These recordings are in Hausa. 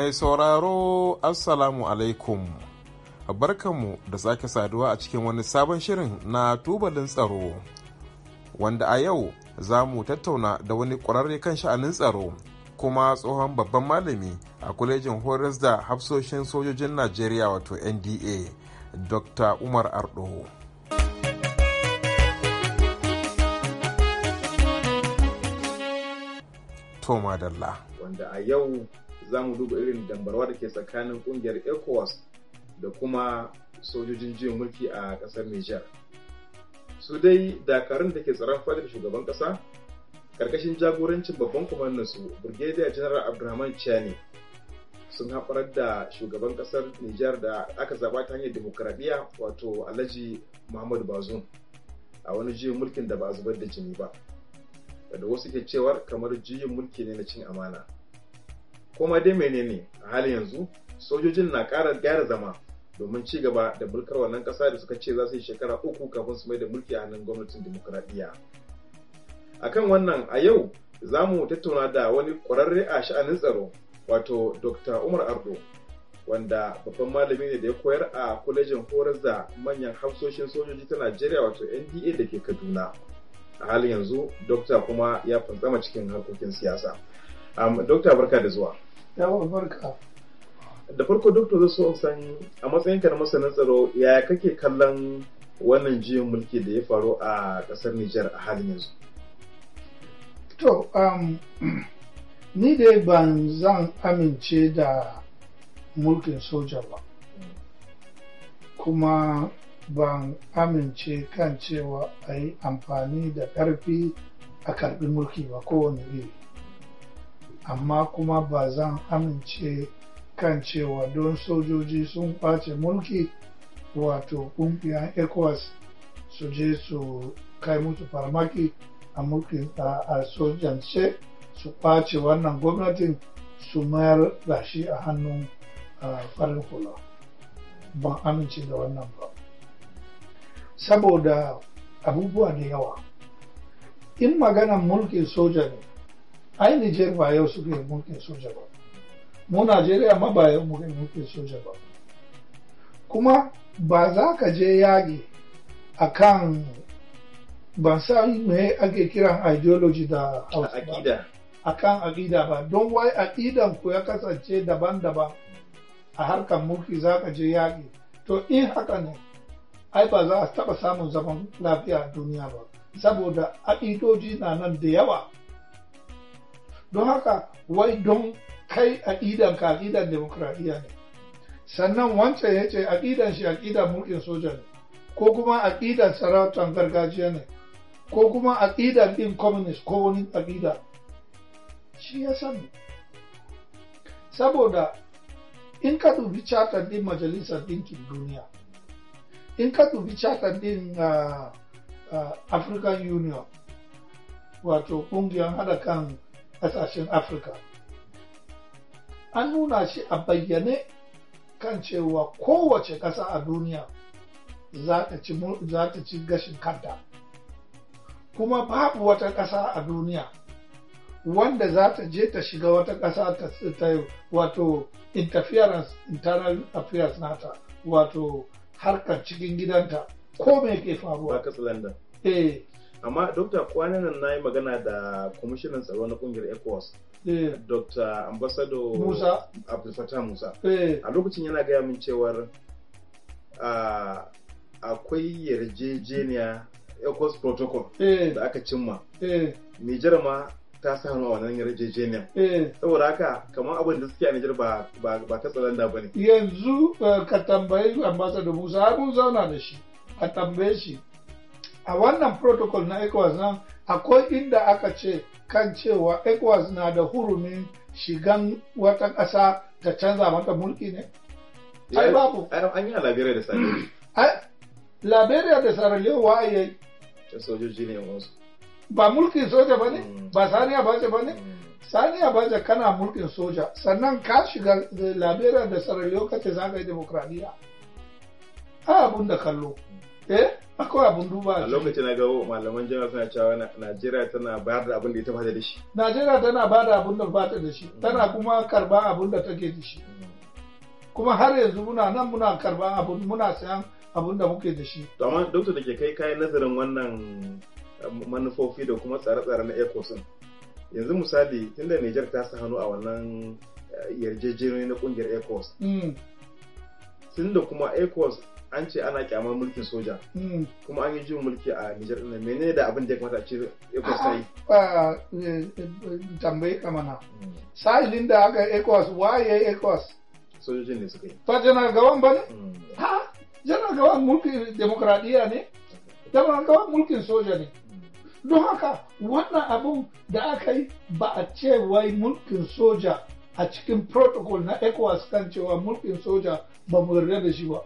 Mai sauraro Assalamu alaikum. Barkanmu da sake saduwa a cikin wani sabon shirin na tubalin tsaro. Wanda a yau za mu tattauna da wani ƙwararre kan sha'anin tsaro kuma tsohon babban malami a kwalejin Horis da hafsoshin sojojin Najeriya wato NDA, Dr. Umar Ardo. Wanda a yau za mu duba irin dambarwa da ke tsakanin kungiyar ecowas da kuma sojojin jiya mulki a kasar niger su dai dakarun da ke tsaron fadar shugaban kasa karkashin jagorancin babban kumannin su brigadier general abdulrahman chani sun haɓarar da shugaban kasar niger da aka zaba ta hanyar demokradiyya wato alhaji muhammadu bazoum a wani juyin mulkin da ba a zubar da jini ba da wasu ke cewar kamar juyin mulki ne na cin amana koma dai menene a halin yanzu sojojin na ƙara gyara zama domin ci gaba da mulkar wannan ƙasa da suka ce za su yi shekara uku kafin su mai da mulki a hannun gwamnatin demokuraɗiyya kan wannan a yau za mu tattauna da wani ƙwararre a sha'anin tsaro wato dr umar ardo wanda babban malami ne da ya koyar a kwalejin horar da manyan hafsoshin sojoji ta najeriya wato nda da ke kaduna a halin yanzu dokta kuma ya fantsama cikin harkokin siyasa dokta barka da zuwa da farko duk da so san a matsayinka na masanin tsaro yaya kake kallon wannan jiyan mulki da ya faru a kasar Nijar a halin yanzu to um, ni dai ban zan amince da mulkin soja ba kuma ban amince kan cewa a yi amfani da ƙarfi a karɓi mulki ba kowane iri amma kuma ba zan amince kan cewa don sojoji sun kwace mulki wato kungiyar ecowas su je su kai mutu farmaki a mulkin a sojance su kwace wannan gwamnatin su mayar da shi a hannun farin hula ban amince da wannan ba saboda abubuwa da yawa in maganan mulkin soja ne ai Nijar ba yau mulkin soja ba mu Najeriya ma ba yau muka mulkin soja ba kuma ba za ka je yaƙi a kan ban san me ake kiran ideology da hausa ba a kan aƙida ba don wai aƙidan ku ya kasance daban-daban a harkar mulki za ka je yaƙi to in haka ne ai ba za a taɓa samun zaman lafiya a duniya ba saboda aƙidoji na nan da yawa don haka wai don kai aƙidan ka aƙidan demokradiyya ne sannan wancan ya ce aƙidan shi aƙidan mulkin soja ne ko kuma aƙidan sarautan gargajiya ne ko kuma aƙidan ɗin communist ko wani aƙida shi ya sani saboda in ka dubi chatar ɗin majalisar ɗinkin duniya in ka dubi chatar ɗin uh, ah, uh, ah, african union wato ƙungiyar haɗa kan ƙasashen afirka an nuna shi a bayyane kan cewa kowace ƙasa a duniya za ta ci gashin kanta kuma babu wata ƙasa a duniya wanda za ta je ta shiga wata ƙasa ta wato interference internal affairs nata wato harkar cikin gidanta ko me ke faruwa eh amma dokta kwanan nan na yi magana da kwamishinan tsaro na kungiyar ecowas eh. dr ambassador musa abdulfatah musa eh. a lokacin yana gaya min cewar akwai yarjejeniya ecowas protocol eh. da aka cimma nijar ma ta sa hannu a wannan yarjejeniyar. Saboda haka kamar abin da suke a Nijar ba ta tsaron ba ne. Yanzu ka tambayi ambasado Musa har mun zauna da shi a tambaye shi a wannan protocol na ecowas nan akwai inda aka ce kan cewa ecowas na da hurumin shigan wata ƙasa ta canza mata mulki ne ai babu an yi a liberia da sierra Ai, liberia da sarari leone wa yayi sojoji ne wasu ba mulkin soja ba ne mm. ba saniya baje ba ne mm. saniya baje kana mulkin soja sannan ka shiga liberia da sarari leone kace za ka yi demokradiyya a abun da kallo mm. eh akwai abin duba a lokacin na ga malaman jami'a suna cewa Najeriya tana bayar da abin da ita bata da shi Najeriya tana ba da abin da bata da shi mm. tana kuma karban abin da take da shi mm. kuma har yanzu muna nan muna karban abin muna sayan abin da muke da shi to amma doctor da ke kai kayan nazarin wannan eh, manufofi da kuma tsare-tsare na ecosun yanzu misali tunda Niger ta sa hannu a wannan eh, yarjejeniyoyi na kungiyar sun mm. da kuma ecos an ce ana kyamar mulkin soja hmm. kuma an yi jin mulki a Nijar ɗin mene da abin da ya kamata ce ECOWAS ta yi tambayi kamana hmm. sahilin da aka ECOWAS waye ECOWAS sojojin ne suka yi ba janar gawan ba ne hmm. ha janar gawan mulkin demokradiyya ne janar gawan mulkin soja ne don haka wannan abun da aka yi ba a ce wai mulkin soja a cikin protocol na ECOWAS kan cewa mulkin soja ba mu yarda da shi ba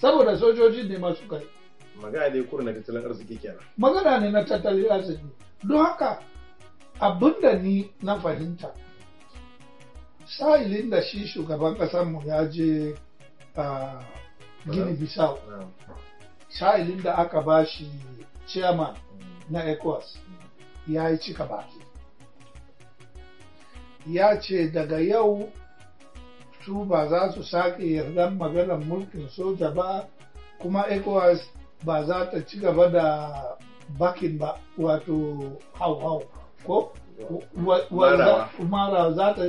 saboda sojoji ne masu kai magana ne kurna tattalin arziki kenan magana ne na tattalin arziki don haka abinda ni na fahimta sa'ilin da shi shugaban mu ya je gini bisau sa'ilin da aka ba shi chairman mm. na ecowas mm. ya yi cika baki ya ce daga yau su ba za su sake yardan maganar mulkin soja ba kuma ecowas ba za ta ci gaba da bakin ba wato hau-hau ko mara za ta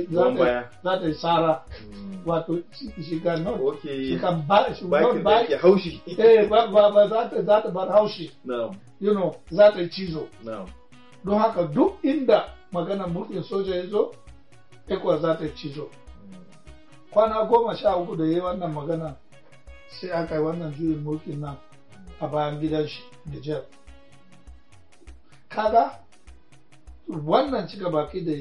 yi tsara hmm. wato shiga ba haushi eh, za ta bar haushi you know za ta cizo don haka duk inda magana mulkin soja ya zo ecowas za ta cizo kwana goma sha uku da ya yi wannan magana sai aka yi wannan juyin mulkin nan a bayan gidan shi Nijar. Kaga wannan cika baki da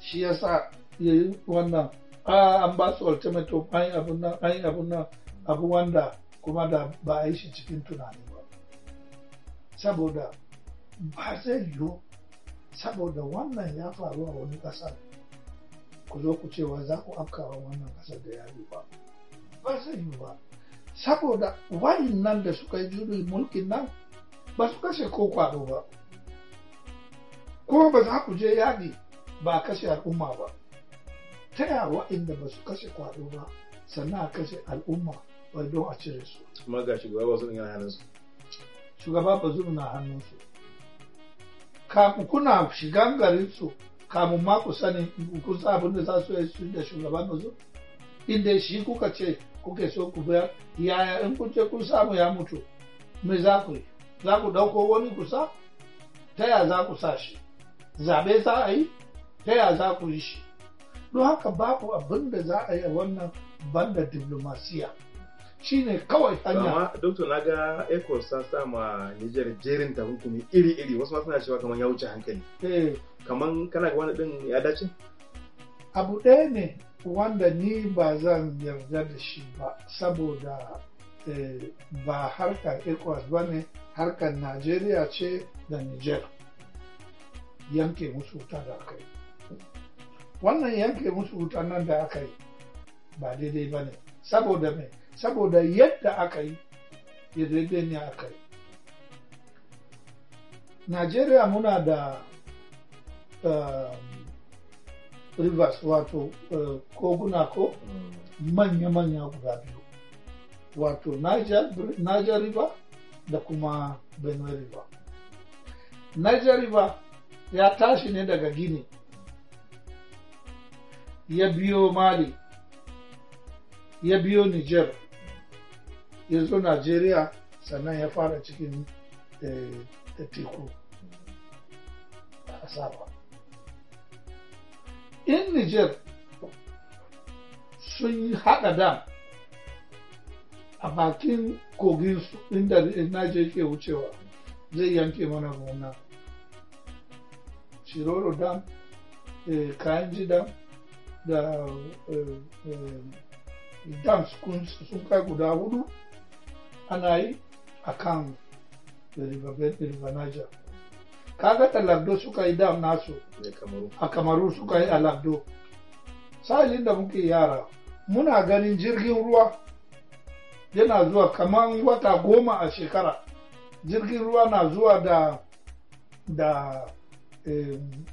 shi ya sa ya yi wannan an ba su ultimatum an yi abun nan an yi abun nan abu wanda kuma da ba a yi shi cikin tunani ba. Saboda ba zai yiwu saboda wannan ya faru a wani ƙasar. ku zo ku cewa za ku afka wa wannan ƙasar da yi ba ba yi ba saboda wayin nan da suka yi juri mulkin nan ba su kashe ko kwado ba kuma ba za ku je yaƙi ba kashe al'umma ba ta yaya wa'inda ba su kashe kwado ba sannan a kashe al'umma ba don a cire su amma ga shugaba ba su na hannunsu shugaba ba zuru na hannunsu kafin kuna shigan garinsu kamun ma ku sani kun sa abin da za su yi da shugaban zo? inda shi kuka ce kuke so ku bayar yaya in kun ce kun samu ya mutu me za ku yi za ku dauko wani kusa ta ya za ku sa shi zabe za a yi ta ya za ku yi shi don haka ba ku abin da za a yi a wannan banda diplomasiya Shi ne kawai hanya amma doktor na ga ecos ta sama nijar jerin ta hukumi iri-iri wasu ma suna cewa kamar ya wuce hankali eh, kaman kana wani din ya dace abu ɗaya ne wanda ni ba zan yarda da shi ba saboda eh, ba harkar ecowas ba ne harkar najeriya ce da niger yanke musu wuta da aka yi wannan yanke musu wuta nan da aka yi ba daidai ba ne saboda me saboda yadda aka yi ya daidai ne aka yi najeriya muna da Um, rivers wato uh, koguna ko mm. manya-manya guda biyu wato niger river da kuma benue river niger river ya tashi ne daga gini ya biyo mali ya biyo niger ya zo nigeria sannan ya fara cikin eh, teku a saba in Nijar sun yi haɗa dam a bakin kogin su inda Niger ke wucewa zai yanke mana gona. Shiroro dam, eh, Kayanji dam da eh, eh, dam sun kai guda hudu ana yi a kan river Niger. kaga talabdo suka yi dam nasu a kamaru suka yi alabdo sa'ilin da muke yara muna ganin jirgin ruwa yana zuwa kaman wata goma a shekara jirgin ruwa na zuwa da da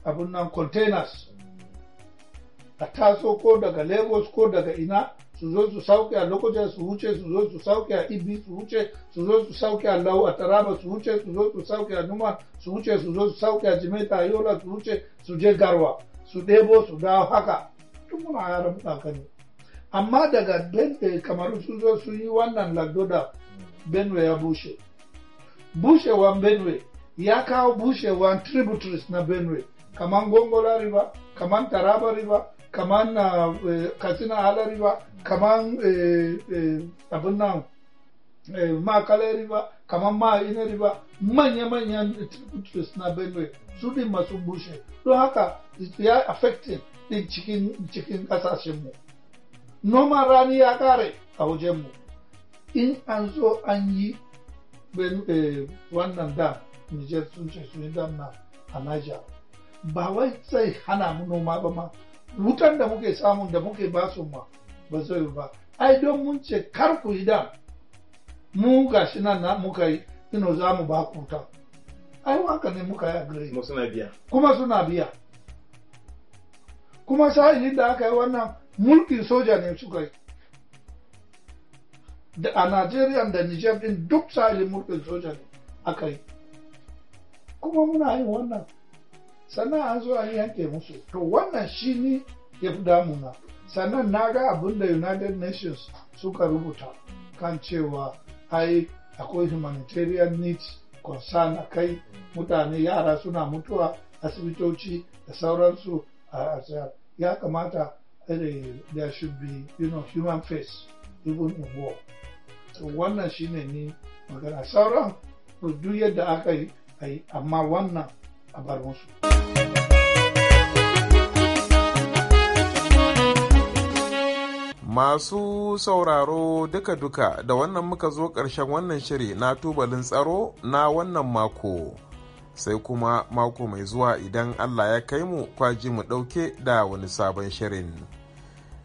abin nan containers mm. a taso ko daga lagos ko daga ina su zo su sauke a lokuta su wuce su su sauke a ibi su wuce su su sauke a lau a taraba su wuce su zo su sauke a numa su wuce su su sauke a jimeta yola su wuce Suje garwa su debo su da haka tun muna yara muna kani amma daga bente kamar sun zo sun yi wannan ladoda benue ya bushe bushewan benue ya kawo bushewan tributaries na benue Kaman gongola river kamar taraba river kamar na eh, katsina halari ba kamar eh, eh, abin nan ma kalari ba kamar ma inari ba manya-manyan tributaries na benue su ne masu bushe don haka ya affecting din cikin kasashenmu noman rani ya kare a wajenmu in an zo an yi wannan da nijar sun ce sun yi dam na a niger ba wai sai hana mu noma ba ma wutan da muke samun da muke su ma ba zai ba ai don mun ce kar ku yi da mu ga shi nan na muka yi ino za mu ba ku ta ai haka ne muka yi agree kuma suna biya kuma suna biya kuma sa'ilin da aka yi wannan mulkin soja ne suka yi da a Najeriya da Nijar din duk sa'ilin mulkin soja ne aka yi kuma muna yin wannan sannan an zo an yanke musu to wannan shi ni ya fi damuna sannan na ga abin da united nations suka rubuta kan cewa ai akwai humanitarian needs concern a kai mutane yara suna mutuwa asibitoci da sauransu a ya kamata eh, there should be you know, human face even in war so wannan shi ne ni magana sauran duk yadda aka yi amma wannan Masu sauraro duka-duka da wannan muka zo ƙarshen wannan shiri na tubalin tsaro na wannan mako. Sai kuma mako mai zuwa idan Allah ya kai mu kwaji mu ɗauke da wani sabon shirin.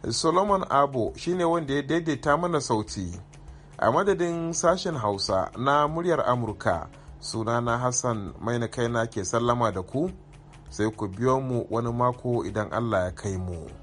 Solomon Abo shine wanda ya daidaita mana sauti. A madadin sashen Hausa na muryar Amurka. sunana hassan maina kaina ke sallama da ku sai ku biyo mu wani mako idan allah ya kai mu.